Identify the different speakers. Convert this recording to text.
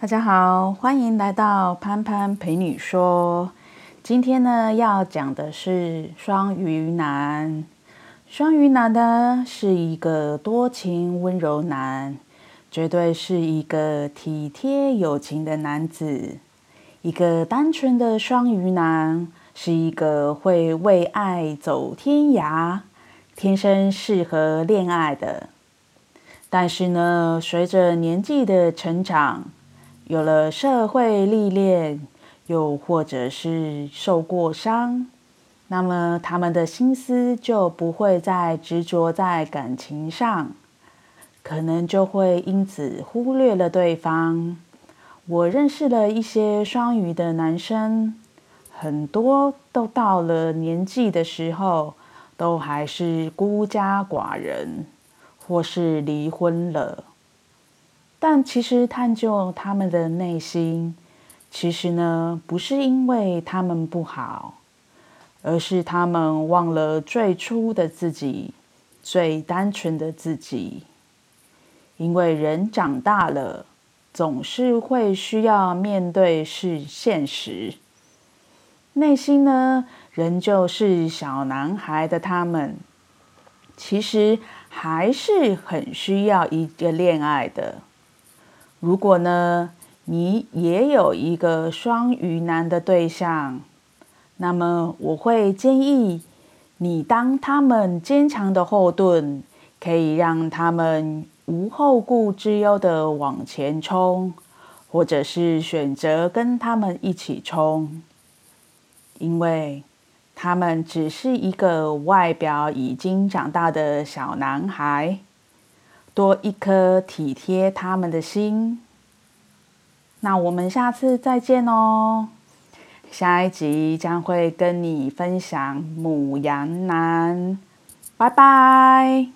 Speaker 1: 大家好，歡迎來到潘潘陪你說。今天呢，要講的是雙魚男。雙魚男呢，是一個多情溫柔男，絕對是一個體貼有情的男子。一個單純的雙魚男是一個會為愛走天涯，天生適合戀愛的。但是呢，隨着年紀的成長，有了社會歷練，又或者是受過傷，那麼他們的心思就不會再執着在感情上，可能就會因此忽略了對方。我認識了一些雙魚的男生，很多都到了年紀的時候，都還是孤家寡人，或是離婚了。但其實探究他們的內心，其實呢不是因為他們不好，而是他們忘了最初的自己，最單純的自己。因為人長大了，總是會需要面對是現實。內心呢，仍舊是小男孩的他們，其實還是很需要一個戀愛的。如果呢，你也有一個雙魚男的對象，那麼我會建議你當他們堅強的後盾，可以讓他們無後顧之憂的往前衝，或者是選擇跟他們一起衝，因為他們只是一個外表已經長大的小男孩。做一顆體貼他們的心，那我們下次再見哦。下一集將會跟你分享牡羊男，拜拜。